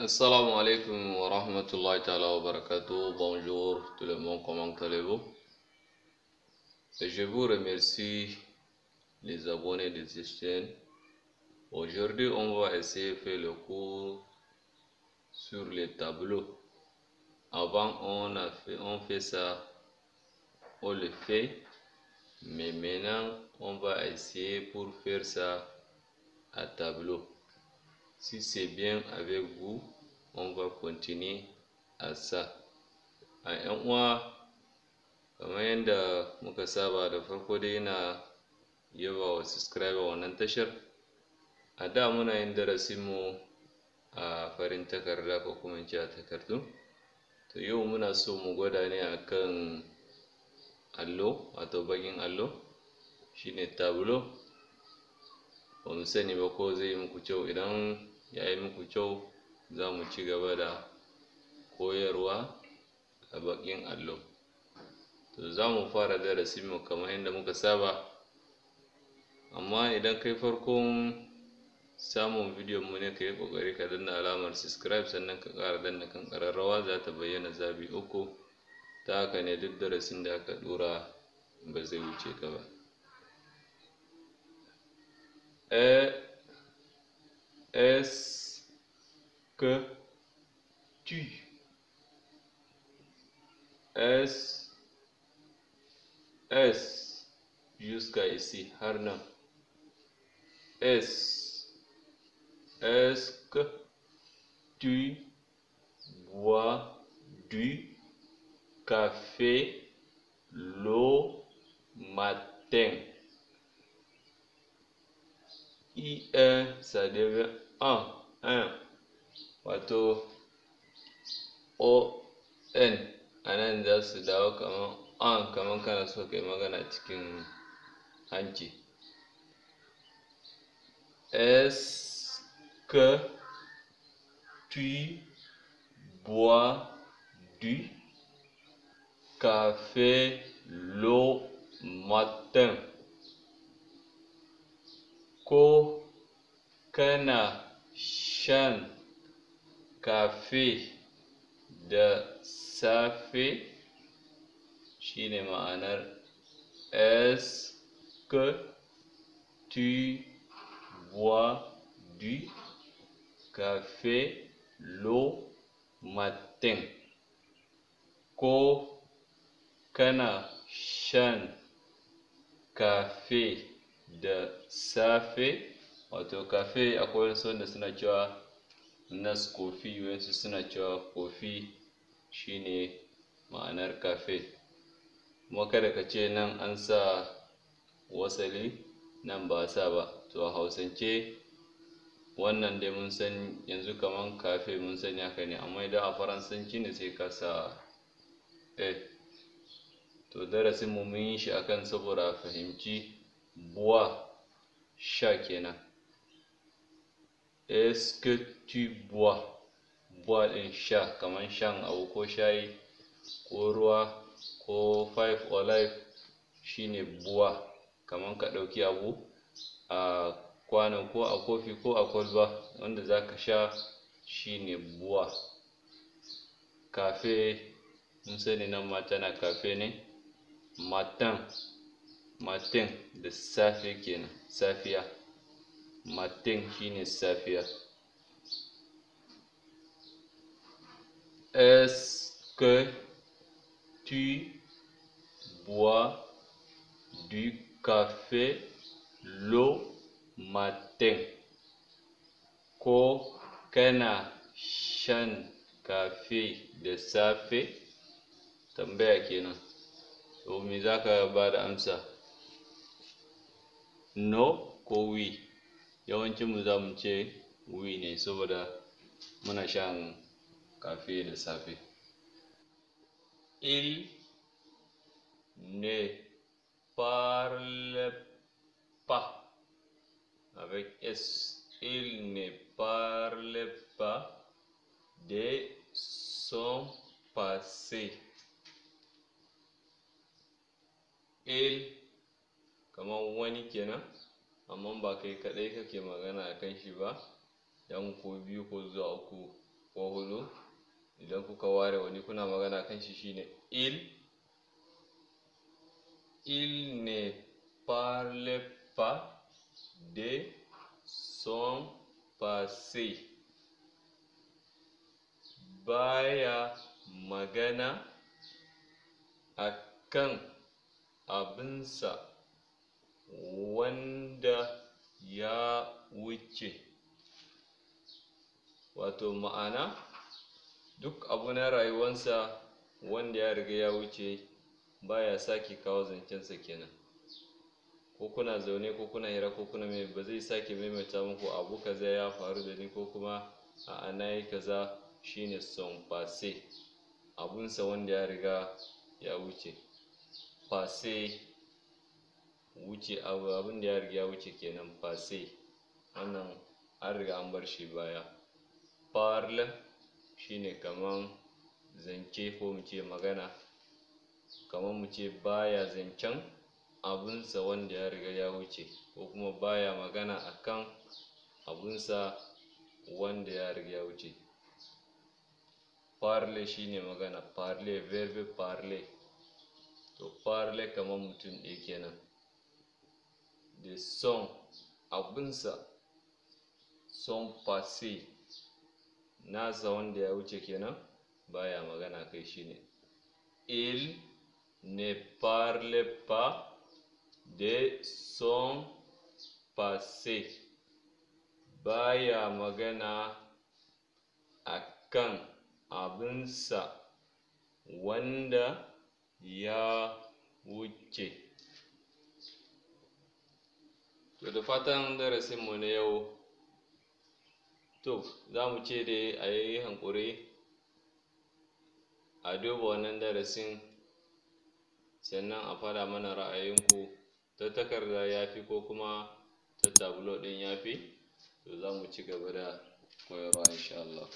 Assalamu alaikum wa rahmatullahi wa barakatuh. Bonjour tout le monde, comment allez-vous? Je vous remercie les abonnés de cette chaîne. Aujourd'hui, on va essayer de faire le cours sur les tableaux. Avant, on a fait, on fait ça, on le fait, mais maintenant, on va essayer pour faire ça à tableau. Si c'est bien avec vous, on va continuer à ça. A ah, ƴan uwa kamar yadda muka saba da farko dai ina yaba wa subscriber wannan tashar. A da muna yin darasin mu a farin takarda ko kuma in ce a takardu. To yau muna so mu gwada ne a kan allo wato baƙin allo shine tabulo Ba mu sani ba ko zai yi muku kyau idan ya yi muku kyau za mu ci gaba da koyarwa a bakin allo to za mu fara mu kamar yadda muka saba amma idan kai farkon samun bidiyon mu ne ka yi kokari ka danna alamar subscribe sannan ka ƙara danna kan ƙararrawa za ta bayyana zabi uku ta haka ne duk darasin da aka ɗora ba zai wuce ka ba eh est-ce que tu S S jusqu'à ici Harna S est-ce que tu bois du café le matin ie e, sa devient 1, wato on a nan za su dawo kamar on kamar kana so ka magana cikin hanci s que tu bois du café le matin ko kana shan kafe de safe shine ma'anar est-ce que tu bois du café le matin ko kana shan kafe da safe wato kafe akwai wasu wanda suna cewa nas kofi wasu suna cewa kofi shine ma'anar kafe kuma kada ka ce nan an sa wasali nan ba sa ba to a hausance wannan dai mun san yanzu kamar kafe mun sani haka ne amma idan a faransanci ne sai ka sa eh to darasin mu mun yi shi akan saboda fahimci bois sha kenan est-ce tu bois bois din sha kaman shan abu ko shayi ko ruwa ko five alive shine bois kaman ka ɗauki abu a kwano ko a kofi ko a kwalba wanda zaka sha shine bois cafe mun sani nan ma tana cafe ne matin martin da safe kenan safiya martin shine safiya est-ce que tu bois du café le matin ko kana shan kafe da safe tambaya kenan to me za ka da amsa no ko we yawancin mu za mu ce we ne saboda muna shan kafe da safe il ne parle pas avec s il ne parle pas de son passé il kamar wani kenan amma ba kai kaɗai kake magana a kan shi ba dan ko biyu ko zuwa uku ko huɗu idan kuka ware wani kuna magana a kan shi shine il il ne parle pas de son passé baya magana a kan abinsa wanda ya wuce wato ma'ana duk abu na rayuwansa wanda ya riga ya wuce ba baya sake kawo zancensa kenan ko kuna zaune ko kuna hira ko kuna mai ba zai sake maimaita muku abu kaza ya faru da ni ko kuma a'a na kaza shine son fase abunsa wanda ya riga ya wuce fase wuce abu abin da ya riga ya wuce kenan passé wannan an riga an bar shi baya parle shine kaman zance ko mu ce magana kaman mu ce baya zancen abunsa wanda ya riga ya wuce ko kuma baya magana akan abunsa wanda ya riga ya wuce parle shine magana parle verbe parle to parle kaman mutum ɗaya kenan de son abinsa son passé nasa wanda ya wuce kenan baya magana kai shine il ne parle pas de son passé baya magana a akan abinsa wanda ya wuce to da fatan darasinmu na yau to za mu ce dai a yi hankuri a duba wannan darasin sannan a fada mana ra'ayinku ta takarda ya fi ko kuma ta tablo ɗin ya fi to za mu ci gaba da koyarwa insha Allah